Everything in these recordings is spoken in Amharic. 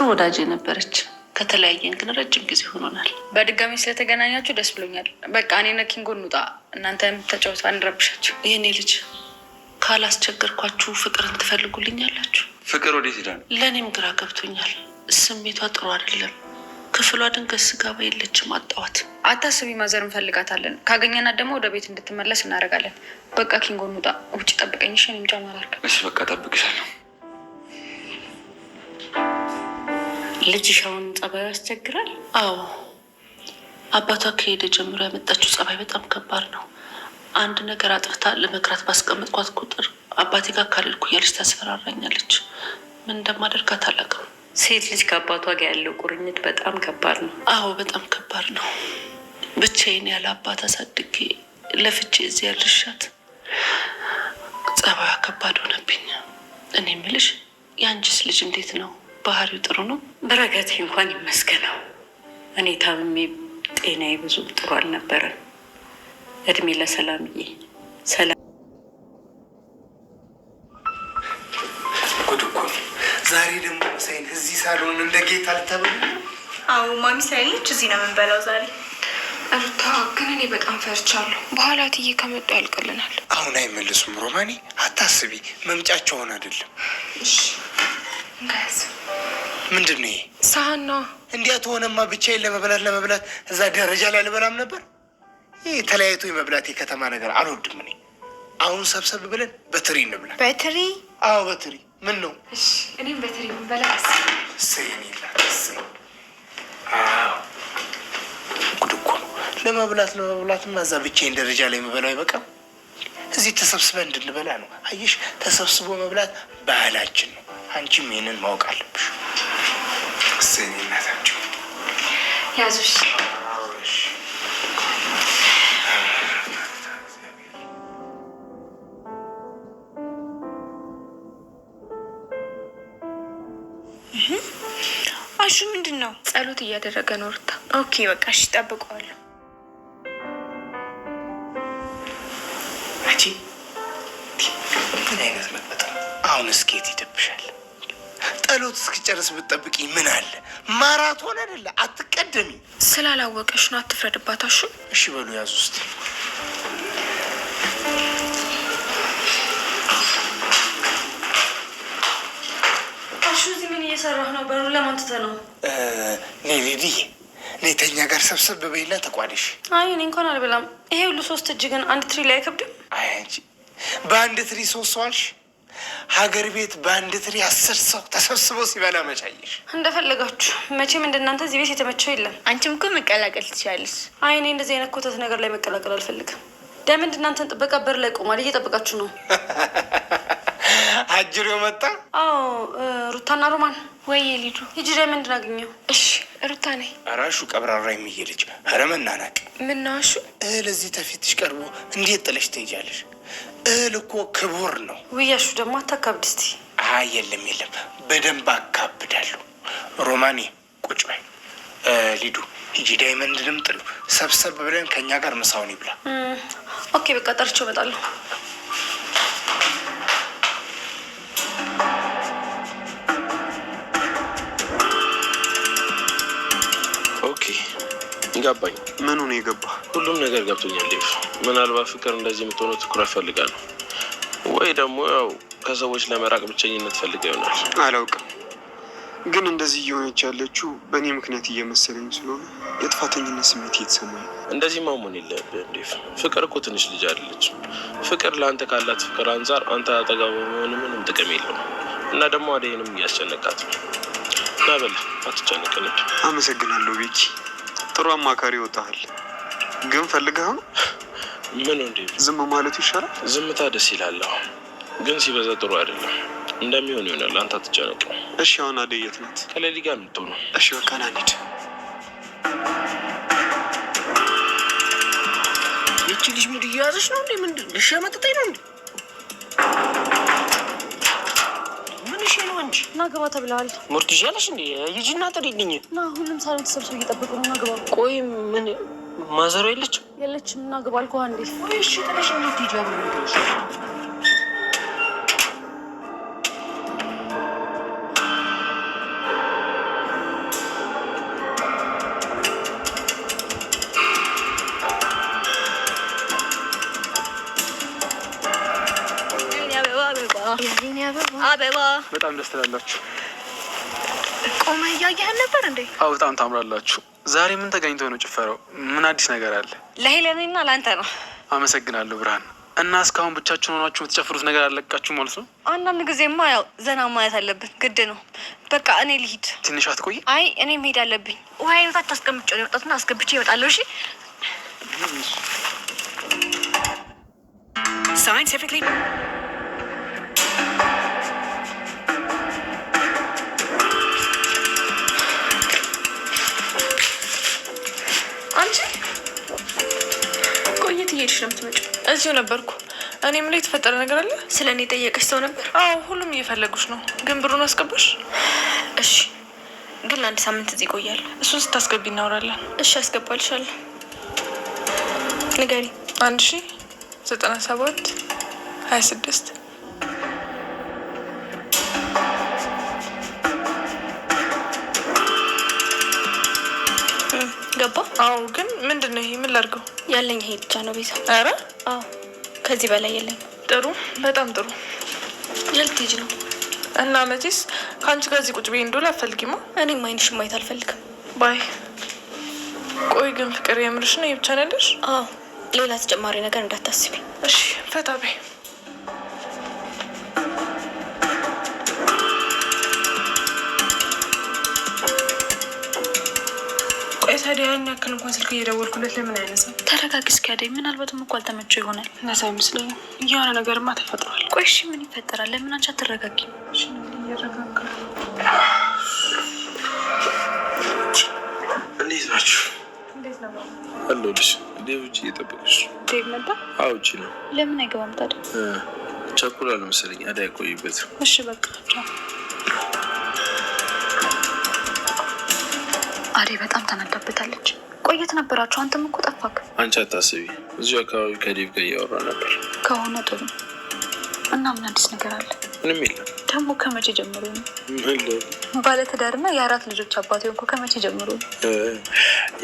ጥሩ ወዳጅ የነበረች ከተለያየን ግን ረጅም ጊዜ ሆኖናል። በድጋሚ ስለተገናኛችሁ ደስ ብሎኛል። በቃ እኔ ነኪንጎ እንውጣ፣ እናንተም ተጫወቱ፣ አንረብሻችሁ። የኔ ልጅ ካላስቸገርኳችሁ ፍቅርን ትፈልጉልኛላችሁ? ፍቅር ወዴት ሄዳ ለእኔም ግራ ገብቶኛል። ስሜቷ ጥሩ አይደለም። ክፍሏ ድንገት ስጋባ የለችም፣ አጣዋት። አታስቢ፣ ማዘር እንፈልጋታለን። ካገኘናት ደግሞ ወደ ቤት እንድትመለስ እናደርጋለን። በቃ ኪንጎ እንውጣ። ውጭ ጠብቀኝ። እሺ? እኔም ጫማ እሺ፣ በቃ ጠብቅሻለሁ። ልጅሽ አሁን ጸባዩ ያስቸግራል? አዎ አባቷ ከሄደ ጀምሮ ያመጣችው ጸባይ በጣም ከባድ ነው። አንድ ነገር አጥፍታ ለመክራት ባስቀመጥኳት ቁጥር አባቴ ጋር ካልልኩ እያለች ታስፈራራኛለች። ምን እንደማደርጋት አላውቅም። ሴት ልጅ ከአባቷ ጋር ያለው ቁርኝት በጣም ከባድ ነው። አዎ በጣም ከባድ ነው። ብቻዬን ያለ አባት አሳድጌ ለፍቼ እዚህ ያልሻት ጸባዩ ከባድ ሆነብኝ። እኔ ምልሽ የአንቺስ ልጅ እንዴት ነው? ባህሪው ጥሩ ነው። በረከቴ እንኳን ይመስገነው። እኔ ታምሜ ጤናዬ ብዙ ጥሩ አልነበረም። እድሜ ለሰላምዬ። ሰላም ዛሬ ደግሞ ሳይን እዚህ ሳሎን እንደ ጌታ ልተብል። አዎ ማሚ ሳይነች እዚህ ነው የምንበላው ዛሬ። ሩታ ግን እኔ በጣም ፈርቻለሁ። በኋላ እትዬ ከመጡ ያልቅልናል። አሁን አይመልሱም። ሮማኒ አታስቢ፣ መምጫቸውን አይደለም። ምንድን ነው ሳህን ነው። እንዲያት ሆነማ ብቻዬን ለመብላት ለመብላት እዛ ደረጃ ላይ አልበላም ነበር። ይህ ተለያይቶ የመብላት የከተማ ነገር አልወድም እኔ። አሁን ሰብሰብ ብለን በትሪ እንብላ። በትሪ? አዎ በትሪ። ምን ነው እኔም በትሪ ብንበላ ጉድ እኮ ነው ለመብላት ለመብላት እዛ ብቻዬን ደረጃ ላይ የምበላው አይበቃም። እዚህ ተሰብስበን እንድንበላ ነው። አየሽ፣ ተሰብስቦ መብላት ባህላችን ነው። አንቺም ይህንን ማወቅ አለብሽ። እሰኝነታቸው ያዙሽ አሹ ምንድን ነው ጸሎት እያደረገ ነው። ሩታ ኦኬ፣ በቃ እሺ፣ ጠብቀዋለሁ። ምን አይነት መጥበጥ አሁን እስኬት ይደብሻል። ጸሎት እስክጨርስ ብትጠብቂ ምን አለ? ማራቶን አይደለ? አትቀደሚ። ስላላወቀሽ ነው፣ አትፍረድባታሽ። እሺ በሉ ያዙ ውስጥ ምን እየሰራህ ነው? በሩ ለማን ትተህ ነው? ኔሊዲ ኔተኛ ጋር ሰብሰብ በበይና ተቋደሽ። አይ እኔ እንኳን አልበላም። ይሄ ሁሉ ሶስት እጅ ግን አንድ ትሪ ላይ አይከብድም? አይ አንቺ በአንድ ትሪ ሶስት ሰዋልሽ ሀገር ቤት በአንድ ትሪ አስር ሰው ተሰብስቦ ሲበላ መቻየሽ እንደፈለጋችሁ። መቼም እንደናንተ እዚህ ቤት የተመቸው የለም። አንቺም እኮ መቀላቀል ትችላለች። አይ እኔ እንደዚህ አይነት ኮተት ነገር ላይ መቀላቀል አልፈልግም። ዳይመንድ እናንተን ጥበቃ በር ላይ ቆማል እየጠበቃችሁ ነው። አጅሬው መጣ። አዎ ሩታና ሮማን ወይ ሊዱ ሂጂ፣ ዳይመንድን አገኘው። እሺ ሩታ ነኝ። አራሹ ቀብራራ የሚሄ ልጅ ረመናናቅ ምናሹ ለዚህ ተፊትሽ ቀርቦ እንዴት ጥለሽ ትሄጃለሽ? እህል እኮ ክቡር ነው። ውያሹ ደግሞ አታካብድ እስቲ። አይ የለም የለም፣ በደንብ አካብዳለሁ። ሮማኔ ቁጭ በይ። ሊዱ ሂጂ፣ ልምጥ ነው። ሰብሰብ ብለን ከእኛ ጋር ምሳውን ይብላ። ኦኬ በቃ ጠርቼው እመጣለሁ። ኦኬ ገባኝ። ምኑ ነው የገባ? ሁሉም ነገር ገብቶኛል ዴቭ። ምናልባት ፍቅር እንደዚህ የምትሆነው ትኩረት ፈልጋ ነው ወይ ደግሞ ያው ከሰዎች ለመራቅ ብቸኝነት ፈልገ ይሆናል። አላውቅም፣ ግን እንደዚህ እየሆነች ያለችው በእኔ ምክንያት እየመሰለኝ ስለሆነ የጥፋተኝነት ስሜት እየተሰማኝ እንደዚህ ማሞን የለብህም ዴቭ። ፍቅር እኮ ትንሽ ልጅ አይደለችም። ፍቅር ለአንተ ካላት ፍቅር አንጻር አንተ አጠገቧ በመሆን ምንም ጥቅም የለውም እና ደግሞ አደይንም እያስጨነቃት ነው። ናበላ አትጨነቅ። አመሰግናለሁ ቤኪ ጥሩ አማካሪ ይወጣሃል። ግን ፈልገህ ምን እንዴ? ዝም ማለት ይሻላል። ዝምታ ደስ ይላል፣ ግን ሲበዛ ጥሩ አይደለም። እንደሚሆን ይሆናል። አንተ አትጨነቅ እሺ። አሁን አደይ የት ናት? ከሌሊ ጋር የምትሆነው። እሺ በቃ ና እንሂድ። ይቺ ልጅ ሙድ እየያዘች ነው እንዴ? ምንድን እሺ፣ ያመጠጠኝ ነው እንዴ? እንዴ? ና ግባ ተብለሃል። ምርት ይሻለሽ እንዴ? ይጂና ጥሪልኝ ና ሁሉም ሳሎን ተሰብስበው እየጠበቁ ነው። ና ግባ። ቆይ ምን ማዘሯ የለችም? የለችም። ና ግባ አልኩህ እንዴ። እሺ ጥለሽ እንዴት ይጃሉ Yeah. አበባ በጣም ደስ ትላላችሁ። ቆመ እያየህን ነበር እንዴ? አዎ በጣም ታምራላችሁ። ዛሬ ምን ተገኝቶ ነው ጭፈራው? ምን አዲስ ነገር አለ? ለሄለንና ለአንተ ነው። አመሰግናለሁ ብርሃን። እና እስካሁን ብቻችሁን ሆናችሁ የምትጨፍሩት ነገር አለቃችሁ ማለት ነው? አንዳንድ ጊዜማ ያው ዘና ማለት አለብን፣ ግድ ነው። በቃ እኔ ልሂድ። ትንሽ አትቆይ? አይ እኔ መሄድ አለብኝ። ውሃ አይነታች አስቀምጫ ነው የመጣትና አስገብቼ ይመጣለሁ። እሺ ሳይንቲፊክሊ የት እየሄድሽ ነው የምትመጪው? እዚሁ ነበርኩ። እኔ ላይ የተፈጠረ ነገር አለ። ስለ እኔ ጠየቀች ሰው ነበር? አዎ፣ ሁሉም እየፈለጉች ነው። ግን ብሩን አስገባሽ? እሺ፣ ግን ለአንድ ሳምንት እዚህ ይቆያል። እሱን ስታስገቢ እናወራለን። እሺ፣ አስገባልሻለሁ። ንገሪ። አንድ ሺ ዘጠና ሰባት ሀያ ስድስት ገባ? አዎ። ግን ምንድን ነው ይሄ? ምን ላድርገው? ያለኝ ይሄ ብቻ ነው ቤዛ። ኧረ አዎ፣ ከዚህ በላይ የለኝ። ጥሩ፣ በጣም ጥሩ። ልትሄጂ ነው እና መቼስ ከአንቺ ከዚህ ቁጭ ብዬ እንደሆነ አትፈልጊማ። እኔም አይንሽ ማየት አልፈልግም። ባይ ቆይ ግን ፍቅር የምርሽ ነው ይብቻ ነለሽ? አዎ፣ ሌላ ተጨማሪ ነገር እንዳታስቢ እሺ። ፈታ በይ ቆይ ታዲያ ያን ያክል እንኳን ስልክ እየደወልኩለት ለምን አይነሳም? ተረጋጊ እስኪ አደይ። ምናልባትም እኮ አልተመቸው ይሆናል። እነሱ አይመስለኝም። የሆነ ነገርማ ተፈጥሯል። ቆይ እሺ፣ ምን ይፈጠራል? ለምን አንቺ አትረጋጊም? እንዴት ናችሁ? አለሁልሽ። ዴቭ ውጭ ዴቭ መጣ? አዎ ውጭ ነው። ለምን አይገባም ታዲያ? ቸኩላ ነው መሰለኝ። አደይ እሺ በቃ አዴ በጣም ተናዳበታለች። ቆየት ነበራቸው። አንተም እኮ ጠፋክ። አንቺ አታስቢ፣ እዚሁ አካባቢ ከዴቭ ጋር እያወራ ነበር። ከሆነ ጥሩ እና ምን አዲስ ነገር አለ? ምንም የለም። ደግሞ ከመቼ ጀምሮ ነው ባለትዳርና የአራት ልጆች አባት ሆንኩ? ከመቼ ጀምሮ ነው?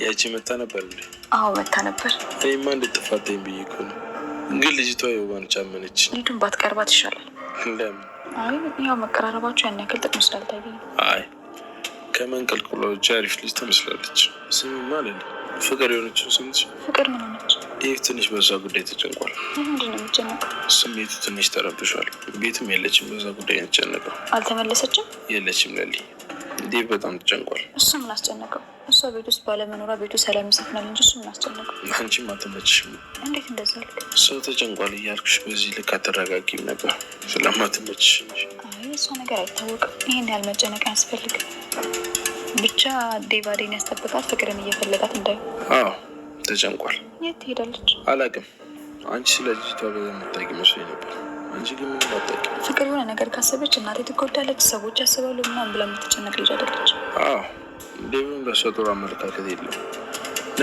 ያቺ መታ ነበር እንዴ? አዎ መታ ነበር። ይማ እንደ ጥፋተኝ ብዬ እኮ ነው። ግን ልጅቷ የውባን ጫመነች። ሊዱን ባትቀርባት ይሻላል። ለምን? አይ ያው መቀራረባቸው ያን ያክል ጥቅም ስላልታየ። አይ ከመንቀልቅሎች አሪፍ ልጅ ትመስላለች። ስም ማለት ነው ፍቅር የሆነችው ስምች ፍቅር ምን ሆነች? ይህ ትንሽ በዛ ጉዳይ ተጨንቋል። ምንድነው ነው ስሜቱ ትንሽ ተረብሿል። ቤትም የለችም። በዛ ጉዳይ የተጨነቀው አልተመለሰችም። የለችም ለሊ እንዲህ በጣም ተጨንቋል። እሱ ምን አስጨነቀው? እሷ ቤት ውስጥ ባለመኖሯ ቤቱ ሰላም ይሰፍናል እንጂ እሱ ምን አስጨነቀው? አንቺም አትመችሽም። እንዴት እንደዛ ልክ ሰው ተጨንቋል እያልኩሽ በዚህ ልክ አተረጋጊም ነበር ስለማትመችሽ። እሷ ነገር አይታወቅም። ይህን ያህል መጨነቅ አያስፈልግም። ብቻ ዴቫዴን ያስጠብቃት ፍቅርን እየፈለጋት እንዳዩ ተጨንቋል። የት ትሄዳለች አላውቅም። አንቺ ስለ ልጅቷ በምታውቂ መስሎኝ ነበር። አንቺ ግን ምን ባታውቂ። ፍቅር የሆነ ነገር ካሰበች እናቴ ትጎዳለች፣ ሰዎች ያስባሉ ምናምን ብላ የምትጨነቅ ልጅ አይደለች። አዎ፣ ዴቪን በእሷ ጥሩ አመለካከት የለም።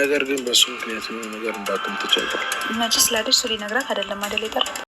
ነገር ግን በእሱ ምክንያት የሆነ ነገር እንዳቅም ተጨንቋል። መቼ ስላደች ስሊ ነግራት አይደለም አደል የጠራት